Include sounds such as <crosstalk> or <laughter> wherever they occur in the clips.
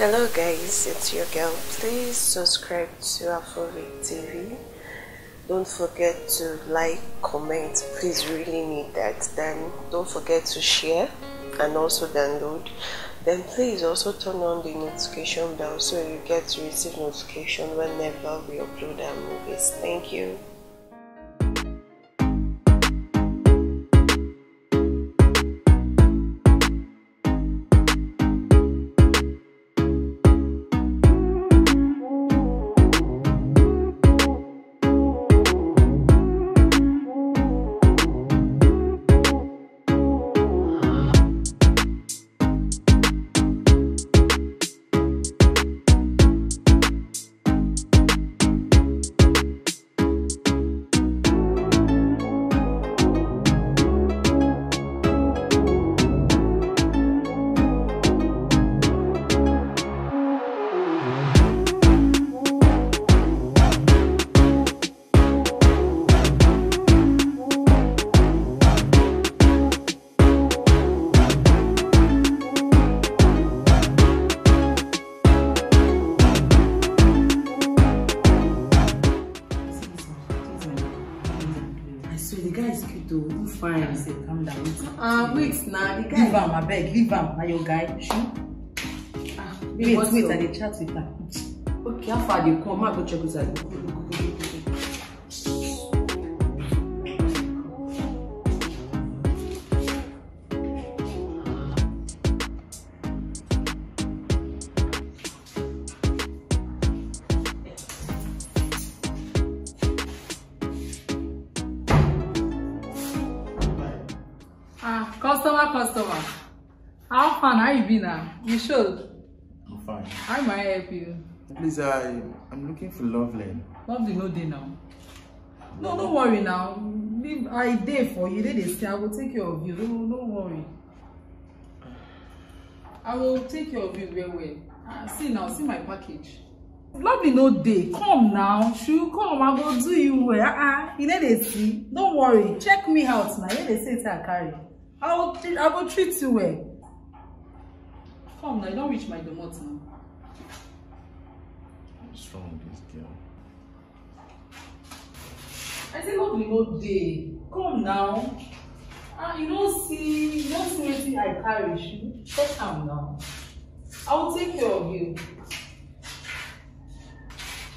Hello guys, it's your girl. Please subscribe to Afrobeat TV. Don't forget to like, comment. Please really need that. Then don't forget to share and also download. Then please also turn on the notification bell so you get to receive notification whenever we upload our movies. Thank you. fine say calm down ah uh, wait na the guy leave am abeg leave him, na your guy sure ah wait wait i dey chat with her? okay how far dey come I go check with her customer. How fun are you been now? Ah? You should. I'm fine. How may I help you? Please, I, I'm looking for Loveland. Lovely no day now. No, don't worry now. I day for you. They, they say I will take care of you. Don't, don't worry. I will take care of you very well. Uh, see now, see my package. Lovely no day. Come now. Shoo, come. I will do you well. Uh-uh. You know they see. Don't worry. Check me out now. You know they say it's a carry. I will treat I will treat you well. Come now, you don't reach my domot now. What's wrong with this girl? I say not be no day. Come now. Ah, you don't see you don't see anything I carry. Check am now. I will take care of you.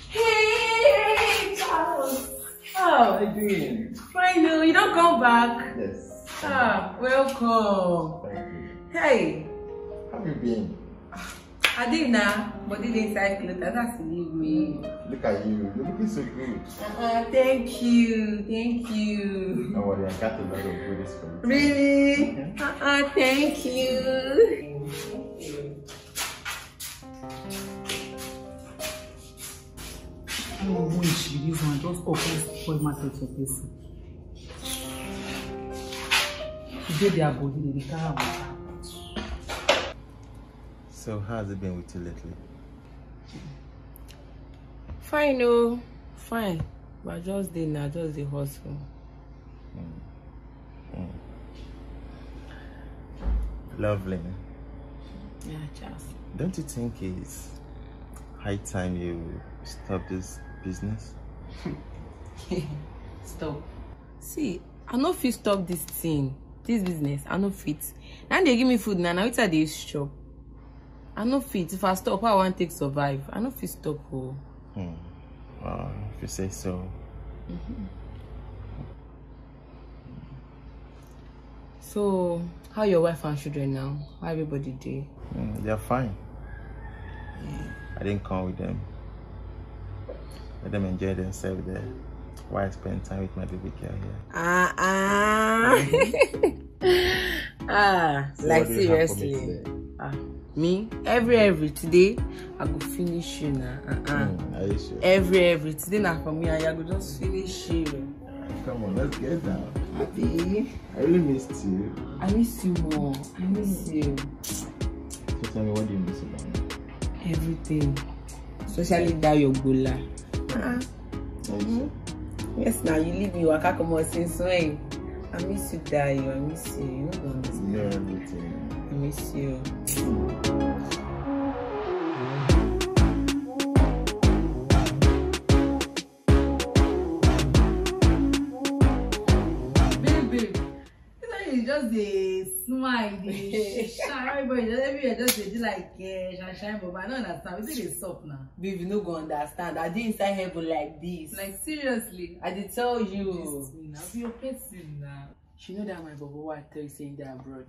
Hey, Charles. How are you doing? Fine, no, you don't come back. Yes. Ah, welcome. Thank you. Hey. How have you been? I did now, but did inside later. That's leave me. Look at you. You're looking so good. Uh, thank you. Thank you. Don't worry, I got a lot of good for you. Really? uh, thank you. I'm going to leave and just open for my daughter, please. their body carry so how has it been with you lately. fine no, oh. fine but just the na just the hustle. Mm. Mm. lovely. yeah Charles. don't you think it's high time you stop this business. <laughs> stop. see i know if you stop this thing this business i no fit And they give me food now. Now it's at this shop? i no fit if i stop i want to survive i no fit stop o. Hmm. Uh, if you say so. Mm -hmm. so how your wife and children now how everybody do? Mm, they are fine i didn't come with them let them enjoy themselves there. why I spend time with my baby girl here. Ah, <laughs> ah. ah, so like seriously. Ah, me? Every, every. Today, I go finish you now. Uh -uh. Mm, are you sure? Every, every. Today, now for me, I go just finish you. Ah, come on, let's get down. Abi. I really missed you. I miss you more. I miss hmm. you. So tell me, what do you miss about me? Everything. Especially that your gula. Uh-uh. Mm-hmm. Yes, now you leave me. Waka come on since when? I miss you, die. I miss you. You don't understand. Yeah, everything. I miss you. Hmm. I dey <laughs> shine. Everybody just everywhere just dey like eh, shine shine but I no understand. Wetin dey sup na? Babe, you no go understand. I dey inside heaven like this. Like seriously? I dey tell you. Na be your person na. She know that my bobo wa tell you say he dey abroad.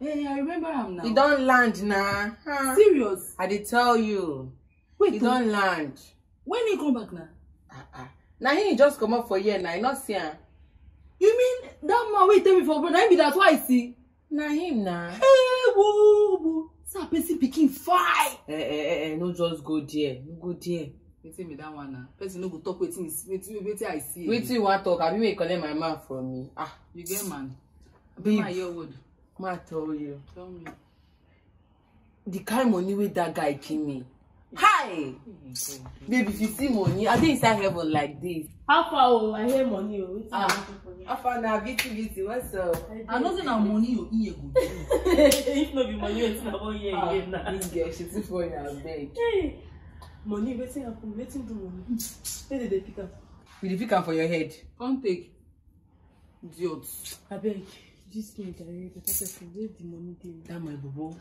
Hey, eh, I remember am now. He don land na. Huh? Serious? I dey tell you. Wait, he don land. When he come back na? Ah ah. Na him just comot for here na. You no see am. You mean that man wey tell me for abroad na him be that wife see? na him na egwu say pikin fine eh, eh eh eh no just go there go there wetin be that one na person no go talk wetin wetin i see wetin you wan talk abi make collect my man from me ah you get man abi ma your word ma tell you tell me the kind money wey that guy give me Hi! Baby, if you see money, I dey inside heaven like this. How far oh, I hear money oh. Ah, how far now? beauty beauty, what's up? I know say na money oh, iye go do. <laughs> If not be money, wetin not wan hear again ah, na. This girl, she too funny abeg. Money, wetin up Wetin do money? Where did they pick up? We dey pick up for your head. Come take. Idiot. Abeg gist me jare better person wey the money dey. that my bobo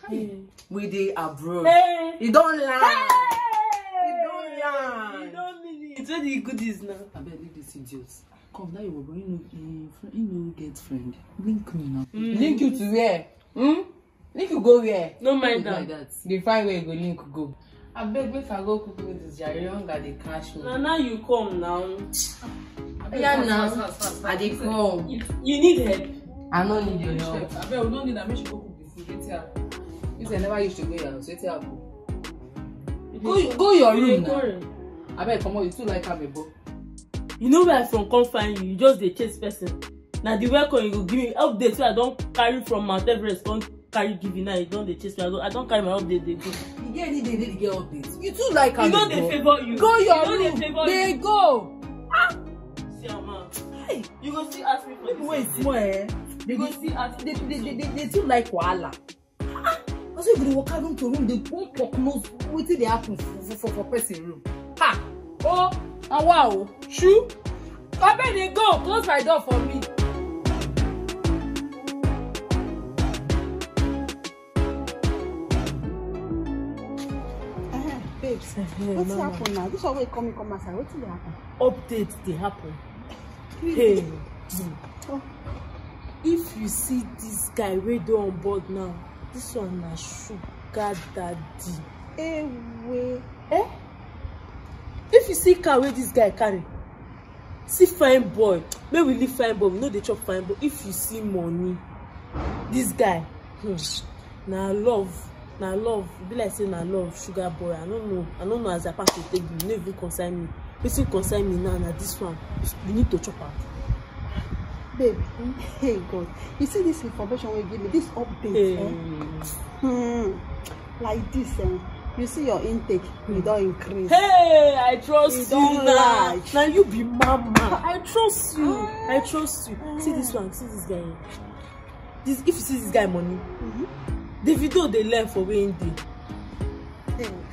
we dey abroad hey. e don land e don land e don mean it it's good goodies now. abeg leave this idiot come now your bobo you no He no get friend link me now. Mm. link you to where hmm? link you go where. no mind am dey find where you go link go. abeg make i go cook noodles jare hunger dey catch me. na now you come now. Yeah now i dey come. you need help. I no need your help. Abeg, we no need am make she go cook the food later. You say I never used to go your house, later I go. Go your room now. Abeg comot, you too like am ebo. You know where I from come find you, you just dey chase person. Na the welcome you go give me update wey I don carry from Mount Everest come carry give you now, you don dey chase me. I don I don carry my update dey go. You get any day dey get update? You too like am ebo. You no dey favour you. Go your you room, dey go. Ah! See am ah. You go still ask me for this. Wait small eh. They go see as they they they they, they too like wahala ah na so you go dey waka room to room dey go work know wetin dey happen for for for, person room ha oh awa o shu abeg dey go close my door for me. babes wetin happen now this one wey come in come outside wetin dey happen. update dey happen. hey. Mm. Oh if you see this guy wey dey on board now this one na sugar daddy ewe eh if you see car wey dis guy carry see fine boy make we leave fine boy we no dey chop fine boy if you see money this guy hmm, na love na love e be like say na love sugar boy i no know i no know as i pass to take you. E no even concern me wetin concern me now na this one you need to chop am babe hey god you see this information wey you give me this update hey. eh? hmm. like this eh? you see your intake mm. you hmm. don increase. hey i trust you, you don na you be mama i trust you ah. i trust you ah. see this one see this guy this if you see this guy money mm -hmm. davido dey learn for where him dey.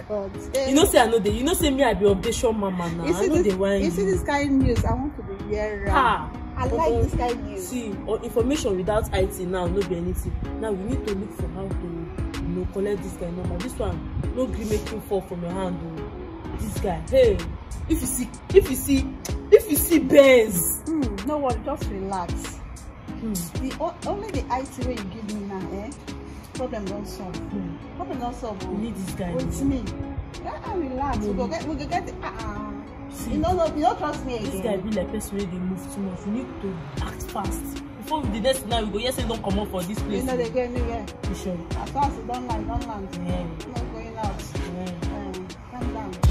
God. You know say I know dey you know say me I be updation mama na I no dey whine you. see this kind of news I want to be here. Ah. I but like uh, this kind news. See, or information without IT now no be anything. Now we need to look for how to you know collect this guy number. This one no gree make him fall from your hand o. Oh. This guy, hey, if you see, if you see, if you see Benz. Hmm, no worry, just relax. Hmm. The only the IT way you give me now, eh? Problem don solve. Hmm. Problem don solve. Oh. We need this guy. With oh. me. Yeah, ah, relax. Hmm. We go get, we go get the. Uh -uh see no no you don't trust me again this eh? guy be like person wey they move too much you need to act fast before the next night we go Yes, they don't come up for this place you know they get me anywhere you sure as far as you don't land don't land yeah. no going out yeah. um, calm down.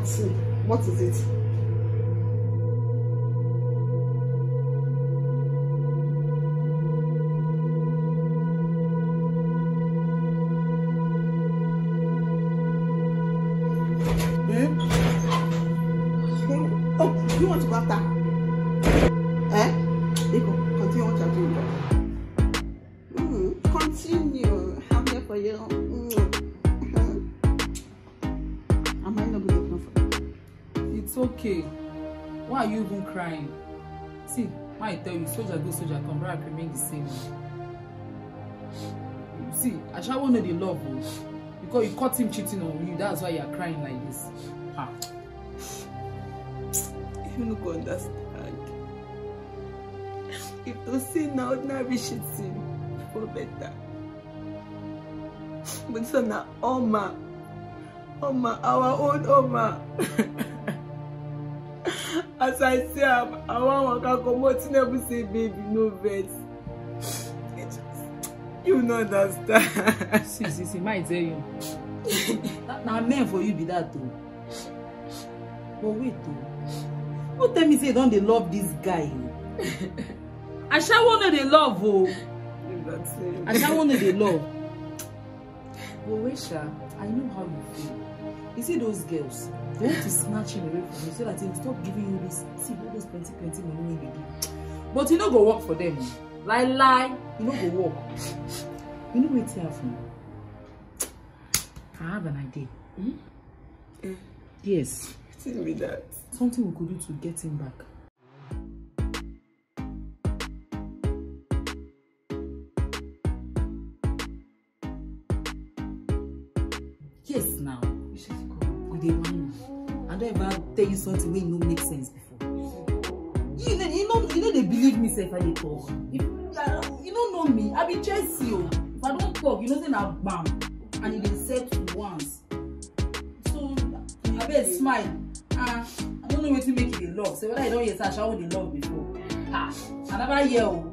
not What is it? Eh? Oh, you want to go after? Eh? Nico, continue what you're doing. okay why are you even crying see why i tell you soldier go soldier come back remain the same see aṣawo no the love o oh. because you caught him cheating on you that's why you are crying like this ah. you no go understand if to see now, na ordinary cheating for better but this one na oma oma our own oma. <laughs> as i see am i wan waka comot tinubu say baby no vex you no understand. see see see my tell you na men for you be that o but wait o no tell me say you don dey love dis guy o oh? <laughs> asawo no dey love o oh. asawo no dey <laughs> love but wait sha i know how you feel. You see those girls, they want to snatch him away from you so that they stop giving you this, see, all those plenty, plenty money they give. But you no go work for them. Lie, lie, you no go work. You know what's happening? I have an idea. Hmm? Mm. Yes. Tell me that. Something we could do to get him back. Yes, now. Good day, man. I don't ever tell you something when no make sense before. You, you know, you know they believe me, sef, I dey talk. You, uh, don't know me. I be Chelsea, yo. Oh. If I don't talk, you know, then I bam. And you dey settle once. So, I bet smile. Ah, I don't know wetin make you dey love. Say whether you don hear say I shower dey love before. Ah, I never hear o. Oh.